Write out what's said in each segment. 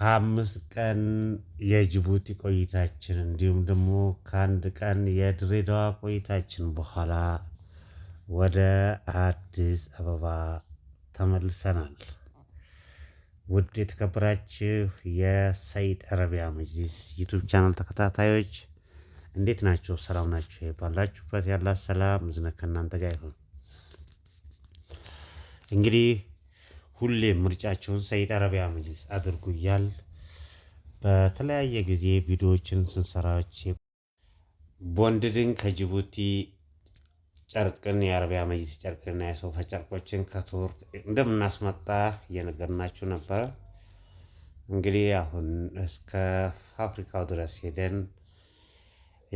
ከአምስት ቀን የጅቡቲ ቆይታችን እንዲሁም ደግሞ ከአንድ ቀን የድሬዳዋ ቆይታችን በኋላ ወደ አዲስ አበባ ተመልሰናል። ውድ የተከበራችሁ የሰይድ አረቢያ መጅሊስ ዩቱብ ቻናል ተከታታዮች እንዴት ናቸው? ሰላም ናቸው? ባላችሁበት ያላ ሰላም ዝነከ እናንተ ጋር ይሁን። እንግዲህ ሁሌ ምርጫቸውን ሰይድ አረቢያ መጅሊስ አድርጉ እያል በተለያየ ጊዜ ቪዲዮዎችን ስንሰራዎች ቦንድድን ከጅቡቲ ጨርቅን የአረቢያ መጅሊስ ጨርቅንና የሶፋ ጨርቆችን ከቱርክ እንደምናስመጣ እየነገርናችሁ ነበር። እንግዲህ አሁን እስከ አፍሪካው ድረስ ሄደን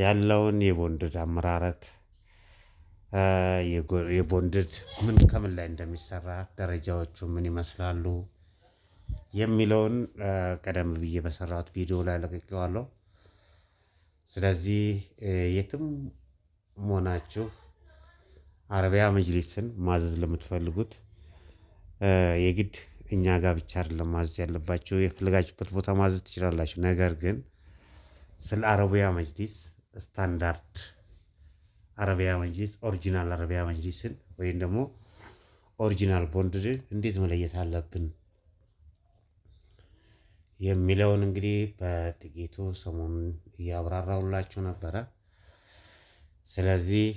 ያለውን የቦንድድ አመራረት የቦንድድ ምን ከምን ላይ እንደሚሰራ ደረጃዎቹ ምን ይመስላሉ የሚለውን ቀደም ብዬ በሰራሁት ቪዲዮ ላይ ለቅቄዋለሁ። ስለዚህ የትም መሆናችሁ አረቢያ መጅሊስን ማዘዝ ለምትፈልጉት የግድ እኛ ጋር ብቻ አይደለም ማዘዝ ያለባችሁ፣ የፈለጋችሁበት ቦታ ማዘዝ ትችላላችሁ። ነገር ግን ስለ አረቢያ መጅሊስ ስታንዳርድ አረቢያ መጅሊስ ኦሪጂናል አረቢያ መጅሊስን ወይም ደግሞ ኦሪጂናል ቦንድድን እንዴት መለየት አለብን የሚለውን እንግዲህ በጥቂቱ ሰሞኑን እያብራራሁላችሁ ነበረ። ስለዚህ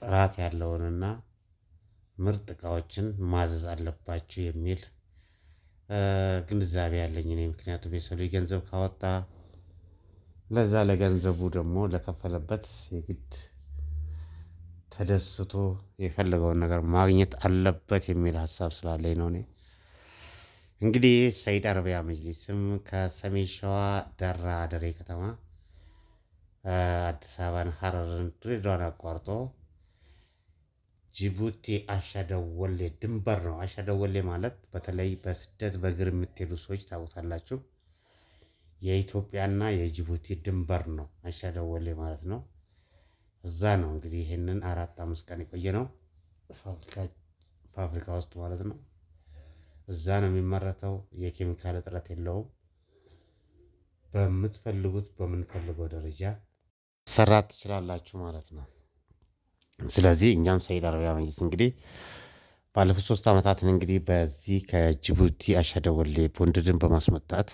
ጥራት ያለውንና ምርጥ እቃዎችን ማዘዝ አለባችሁ የሚል ግንዛቤ ያለኝ እኔ። ምክንያቱም የሰው ልጅ ገንዘብ ካወጣ ለዛ ለገንዘቡ ደግሞ ለከፈለበት የግድ ተደስቶ የፈለገውን ነገር ማግኘት አለበት የሚል ሀሳብ ስላለኝ ነው። እኔ እንግዲህ ሰይድ አረቢያ መጅሊስም ከሰሜን ሸዋ ደራ አደሬ ከተማ አዲስ አበባን፣ ሀረርን፣ ድሬዳዋን አቋርጦ ጅቡቲ አሻደወሌ ድንበር ነው። አሻደወሌ ማለት በተለይ በስደት በእግር የምትሄዱ ሰዎች ታውቁታላችሁ። የኢትዮጵያና የጅቡቲ ድንበር ነው አሻደወሌ ማለት ነው። እዛ ነው እንግዲህ ይህንን አራት አምስት ቀን የቆየ ነው ፋብሪካ ውስጥ ማለት ነው። እዛ ነው የሚመረተው። የኬሚካል እጥረት የለውም። በምትፈልጉት በምንፈልገው ደረጃ ሰራት ትችላላችሁ ማለት ነው። ስለዚህ እኛም ሰይድ አረቢያ መንግስት እንግዲህ ባለፉት ሶስት ዓመታትን እንግዲህ በዚህ ከጅቡቲ አሻደወሌ ቦንድድን በማስመጣት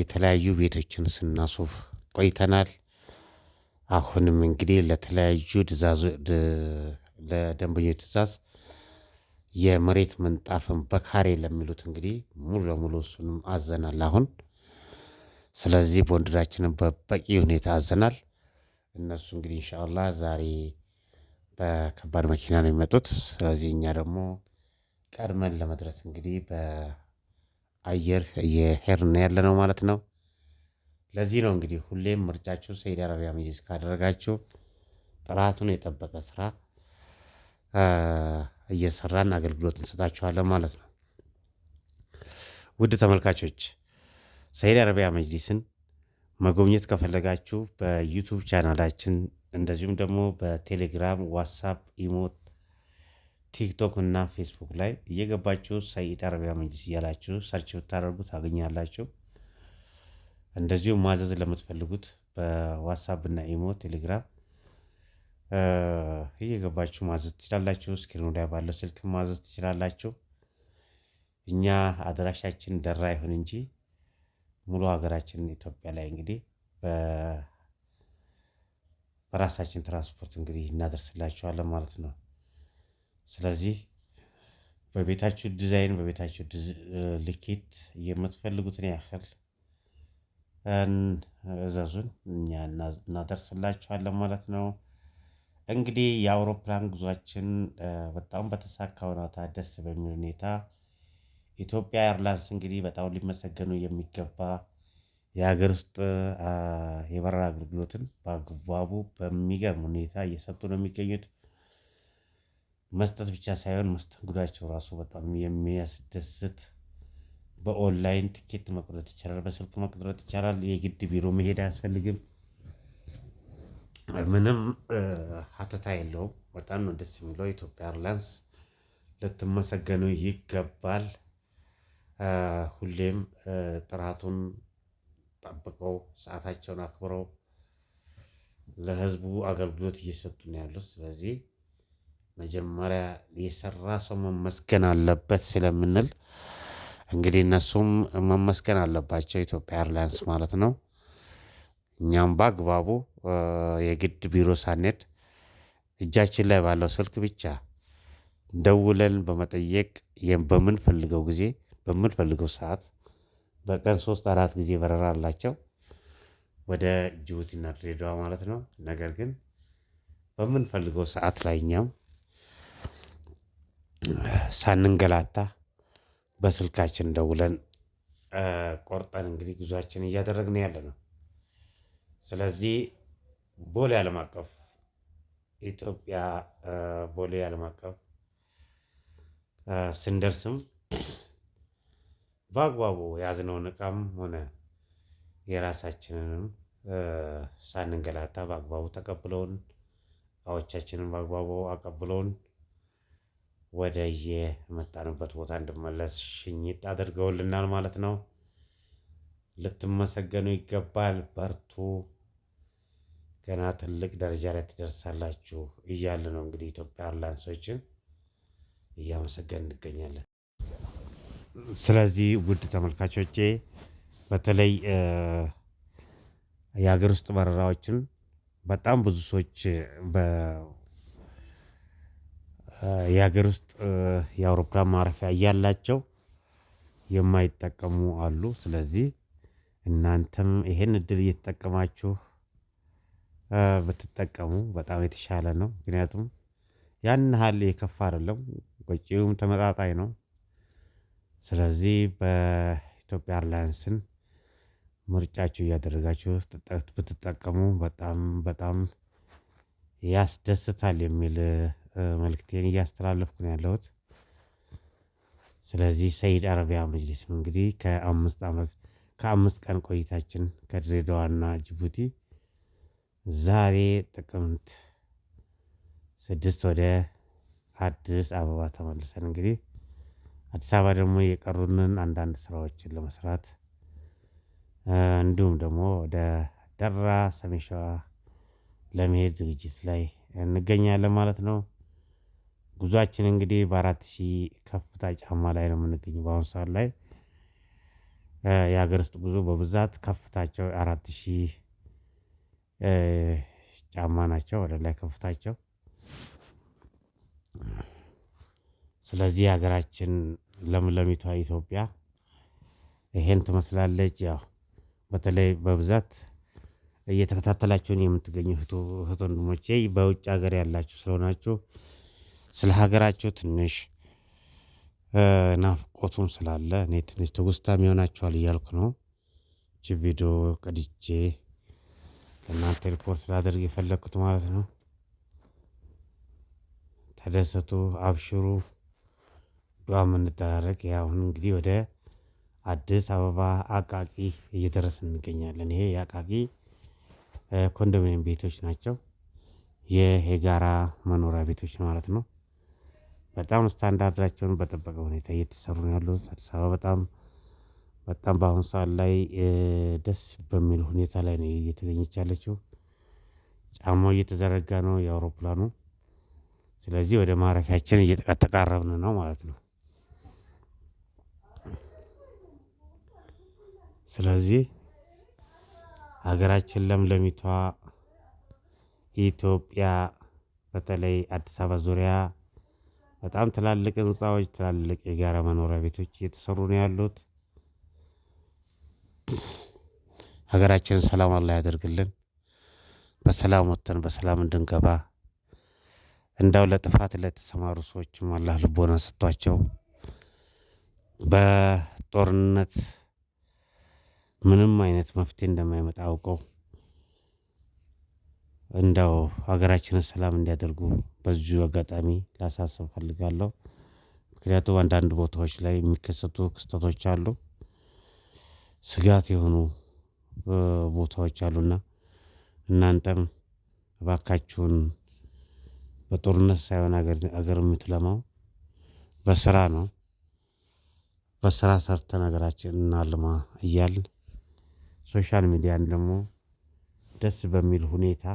የተለያዩ ቤቶችን ስናሱፍ ቆይተናል። አሁንም እንግዲህ ለተለያዩ ለደንበኞች ትእዛዝ የመሬት ምንጣፍን በካሬ ለሚሉት እንግዲህ ሙሉ ለሙሉ እሱንም አዘናል። አሁን ስለዚህ ቦንድራችንን በበቂ ሁኔታ አዘናል። እነሱ እንግዲህ እንሻላ ዛሬ በከባድ መኪና ነው የሚመጡት። ስለዚህ እኛ ደግሞ ቀድመን ለመድረስ እንግዲህ በአየር እየሄድን ያለ ነው ማለት ነው። ለዚህ ነው እንግዲህ ሁሌም ምርጫችሁ ሰይድ አረቢያ መጅሊስ ካደረጋቸው ጥራቱን የጠበቀ ስራ እየሰራን አገልግሎት እንሰጣችኋለን ማለት ነው። ውድ ተመልካቾች ሰይድ አረቢያ መጅሊስን መጎብኘት ከፈለጋችሁ በዩቱብ ቻናላችን እንደዚሁም ደግሞ በቴሌግራም፣ ዋትሳፕ፣ ኢሞ፣ ቲክቶክ እና ፌስቡክ ላይ እየገባችሁ ሰይድ አረቢያ መጅሊስ እያላችሁ ሰርች ብታደርጉ ታገኛላችሁ። እንደዚሁ ማዘዝ ለምትፈልጉት በዋትሳፕ እና ኢሞ ቴሌግራም እየገባችሁ ማዘዝ ትችላላችሁ። እስክሪኑ ላይ ባለው ስልክ ማዘዝ ትችላላችሁ። እኛ አድራሻችን ደራ ይሁን እንጂ ሙሉ ሀገራችን ኢትዮጵያ ላይ እንግዲህ በራሳችን ትራንስፖርት እንግዲህ እናደርስላችኋለን ማለት ነው። ስለዚህ በቤታችሁ ዲዛይን በቤታችሁ ልኬት የምትፈልጉትን ያህል እዘዙን እኛ እናደርስላችኋለን ማለት ነው። እንግዲህ የአውሮፕላን ጉዟችን በጣም በተሳካ ሁኔታ ደስ በሚል ሁኔታ ኢትዮጵያ ኤርላይንስ እንግዲህ በጣም ሊመሰገኑ የሚገባ የሀገር ውስጥ የበረራ አገልግሎትን በአግባቡ በሚገርም ሁኔታ እየሰጡ ነው የሚገኙት። መስጠት ብቻ ሳይሆን መስተንግዷቸው ራሱ በጣም የሚያስደስት በኦንላይን ትኬት መቁረጥ ይቻላል፣ በስልክ መቁረጥ ይቻላል። የግድ ቢሮ መሄድ አያስፈልግም። ምንም ሀተታ የለውም። በጣም ነው ደስ የሚለው። ኢትዮጵያ ኤርላይንስ ልትመሰገኑ ይገባል። ሁሌም ጥራቱን ጠብቀው ሰዓታቸውን አክብረው ለህዝቡ አገልግሎት እየሰጡ ነው ያሉት። ስለዚህ መጀመሪያ የሰራ ሰው መመስገን አለበት ስለምንል እንግዲህ እነሱም መመስገን አለባቸው ኢትዮጵያ ኤርላይንስ ማለት ነው። እኛም በአግባቡ የግድ ቢሮ ሳንሄድ እጃችን ላይ ባለው ስልክ ብቻ ደውለን በመጠየቅ በምንፈልገው ጊዜ በምንፈልገው ሰዓት በቀን ሶስት አራት ጊዜ በረራ አላቸው ወደ ጅቡቲና ድሬዳዋ ማለት ነው። ነገር ግን በምንፈልገው ሰዓት ላይ እኛም ሳንንገላታ በስልካችን ደውለን ቆርጠን እንግዲህ ጉዟችን እያደረግን ያለ ነው። ስለዚህ ቦሌ ዓለም አቀፍ ኢትዮጵያ ቦሌ ዓለም አቀፍ ስንደርስም በአግባቡ የያዝነውን እቃም ሆነ የራሳችንንም ሳንንገላታ በአግባቡ ተቀብለውን እቃዎቻችንን በአግባቡ አቀብለውን ወደየ መጣንበት ቦታ እንድመለስ ሽኝት አድርገውልናል ማለት ነው። ልትመሰገኑ ይገባል። በርቱ፣ ገና ትልቅ ደረጃ ላይ ትደርሳላችሁ እያለ ነው እንግዲህ ኢትዮጵያ አርላንሶችን እያመሰገን እንገኛለን። ስለዚህ ውድ ተመልካቾቼ በተለይ የሀገር ውስጥ በረራዎችን በጣም ብዙ ሰዎች የሀገር ውስጥ የአውሮፕላን ማረፊያ እያላቸው የማይጠቀሙ አሉ። ስለዚህ እናንተም ይሄን እድል እየተጠቀማችሁ ብትጠቀሙ በጣም የተሻለ ነው። ምክንያቱም ያን ያህል የከፋ አይደለም፣ ወጪውም ተመጣጣኝ ነው። ስለዚህ በኢትዮጵያ ኤርላይንስን ምርጫችሁ እያደረጋችሁ ብትጠቀሙ በጣም በጣም ያስደስታል የሚል መልክቴን እያስተላለፍኩ ነው ያለሁት። ስለዚህ ሰይድ አረቢያ መጅሊስ እንግዲህ ከአምስት ዓመት ከአምስት ቀን ቆይታችን ከድሬዳዋና ጅቡቲ ዛሬ ጥቅምት ስድስት ወደ አዲስ አበባ ተመልሰን እንግዲህ አዲስ አበባ ደግሞ የቀሩንን አንዳንድ ስራዎችን ለመስራት እንዲሁም ደግሞ ወደ ደራ ሰሜን ሸዋ ለመሄድ ዝግጅት ላይ እንገኛለን ማለት ነው። ጉዟችን እንግዲህ በአራት ሺህ ከፍታ ጫማ ላይ ነው የምንገኝ በአሁኑ ሰዓት ላይ የሀገር ውስጥ ጉዞ በብዛት ከፍታቸው አራት ሺህ ጫማ ናቸው ወደ ላይ ከፍታቸው። ስለዚህ ሀገራችን ለምለሚቷ ኢትዮጵያ ይሄን ትመስላለች። ያው በተለይ በብዛት እየተከታተላችሁን የምትገኙ እህት ወንድሞቼ በውጭ ሀገር ያላችሁ ስለሆናችሁ ስለ ሀገራቸው ትንሽ ናፍቆቱም ስላለ እኔ ትንሽ ትውስታም ይሆናቸዋል እያልኩ ነው። እች ቪዲዮ ቀድቼ ለእናንተ ሪፖርት ላደርግ የፈለግኩት ማለት ነው። ተደሰቱ፣ አብሽሩ፣ ዱዓ የምንደራረግ አሁን እንግዲህ ወደ አዲስ አበባ አቃቂ እየደረስ እንገኛለን። ይሄ የአቃቂ ኮንዶሚኒየም ቤቶች ናቸው። ይህ የጋራ መኖሪያ ቤቶች ማለት ነው። በጣም ስታንዳርዳቸውን በጠበቀ ሁኔታ እየተሰሩ ነው ያሉት። አዲስ አበባ በጣም በጣም በአሁኑ ሰዓት ላይ ደስ በሚል ሁኔታ ላይ ነው እየተገኘች ያለችው። ጫማው እየተዘረጋ ነው የአውሮፕላኑ። ስለዚህ ወደ ማረፊያችን እየተቃረብን ነው ማለት ነው። ስለዚህ ሀገራችን ለምለሚቷ ኢትዮጵያ በተለይ አዲስ አበባ ዙሪያ በጣም ትላልቅ ህንፃዎች፣ ትላልቅ የጋራ መኖሪያ ቤቶች እየተሰሩ ነው ያሉት። ሀገራችንን ሰላም አላህ ያደርግልን። በሰላም ወጥተን በሰላም እንድንገባ እንዳው ለጥፋት ለተሰማሩ ሰዎችም አላህ ልቦና ሰጥቷቸው በጦርነት ምንም አይነት መፍትሄ እንደማይመጣ አውቀው እንደው ሀገራችንን ሰላም እንዲያደርጉ በዚሁ አጋጣሚ ላሳስብ ፈልጋለሁ ምክንያቱም አንዳንድ ቦታዎች ላይ የሚከሰቱ ክስተቶች አሉ። ስጋት የሆኑ ቦታዎች አሉና እናንተም እባካችሁን በጦርነት ሳይሆን አገር የምትለማው በስራ ነው። በስራ ሰርተን ሀገራችን እናልማ እያልን ሶሻል ሚዲያን ደግሞ ደስ በሚል ሁኔታ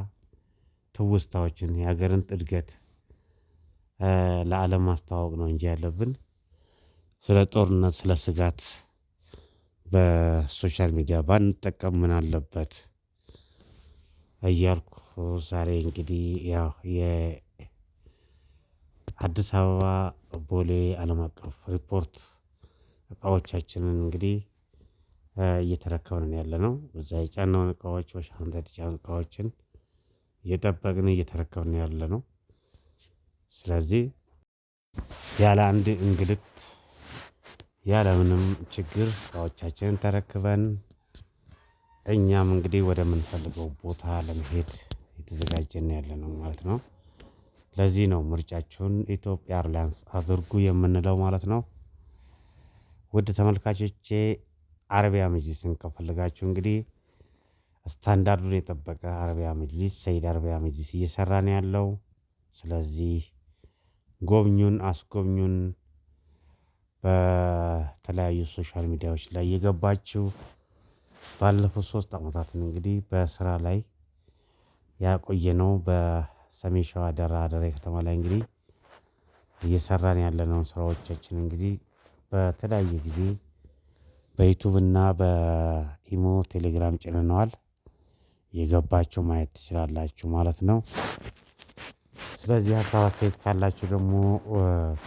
ትውስታዎችን የሀገርን እድገት ለአለም ማስተዋወቅ ነው እንጂ ያለብን ስለ ጦርነት ስለ ስጋት በሶሻል ሚዲያ ባንጠቀም ምን አለበት እያልኩ ዛሬ እንግዲህ ያው የአዲስ አበባ ቦሌ አለም አቀፍ ሪፖርት እቃዎቻችንን እንግዲህ እየተረከብን ነው። እዛ የጫነውን እቃዎች በሻንጣ የተጫኑ እቃዎችን እየጠበቅን እየተረከብን ያለ ነው። ስለዚህ ያለ አንድ እንግልት ምንም ችግር እቃዎቻችንን ተረክበን እኛም እንግዲህ ወደምንፈልገው ቦታ ለመሄድ የተዘጋጀን ያለ ነው ማለት ነው። ለዚህ ነው ምርጫችሁን ኢትዮጵያ ኤርላይንስ አድርጉ የምንለው ማለት ነው። ውድ ተመልካቾቼ አረቢያ መጅሊስን ከፈለጋችሁ እንግዲህ ስታንዳርዱን የጠበቀ አረቢያ መጅሊስ ሰይድ አረቢያ መጅሊስ እየሰራ ነው ያለው። ስለዚህ ጎብኙን፣ አስጎብኙን። በተለያዩ ሶሻል ሚዲያዎች ላይ የገባችው ባለፉት ሶስት አመታትን እንግዲህ በስራ ላይ ያቆየ ነው። በሰሜን ሸዋ ደራ ደሬ ከተማ ላይ እንግዲህ እየሰራን ያለነውን ስራዎቻችን እንግዲህ በተለያየ ጊዜ በዩቱብ እና በኢሞ ቴሌግራም ጭንነዋል። የገባቸው ማየት ትችላላችሁ ማለት ነው። ስለዚህ ሀሳብ አስተያየት ካላችሁ ደግሞ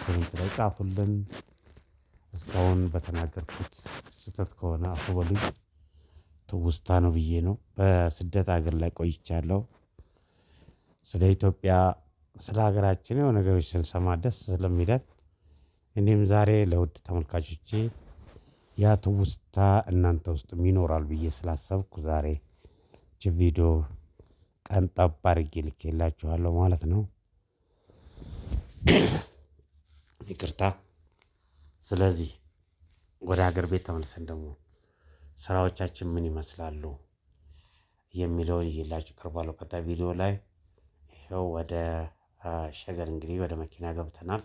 ኮሜንት ላይ ጻፉልን። እስካሁን በተናገርኩት ስህተት ከሆነ አፉ ትውስታ ነው ብዬ ነው። በስደት ሀገር ላይ ቆይቻለሁ። ስለ ኢትዮጵያ፣ ስለ ሀገራችን የሆነ ነገሮች ስንሰማ ደስ ስለሚለን እኔም ዛሬ ለውድ ተመልካቾቼ ያ ትውስታ እናንተ ውስጥም ይኖራል ብዬ ስላሰብኩ ዛሬ ቪዲዮ ቀንጠብ አድርጌ ልኬላችኋለሁ ማለት ነው። ይቅርታ ስለዚህ ወደ ሀገር ቤት ተመልሰን ደግሞ ስራዎቻችን ምን ይመስላሉ የሚለውን ይላችሁ ቀርባለሁ። ቀጣይ ቪዲዮ ላይ ይኸው ወደ ሸገር እንግዲህ ወደ መኪና ገብተናል።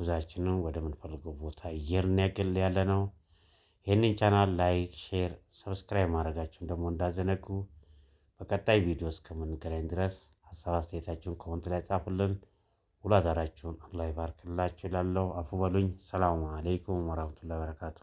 ጉዛችንን ወደ ምንፈልገው ቦታ ያገል ያለ ነው። ይህንን ቻናል ላይክ፣ ሼር፣ ሰብስክራይብ ማድረጋችሁን ደግሞ እንዳዘነጉ። በቀጣይ ቪዲዮ እስከምንገናኝ ድረስ ሀሳብ አስተያየታችሁን ኮመንት ላይ ጻፉልን። ውሎ አዳራችሁን አላህ ይባርክላችሁ እላለሁ። አፉ በሉኝ። ሰላሙ አሌይኩም ወራህመቱላሂ ወበረካቱ።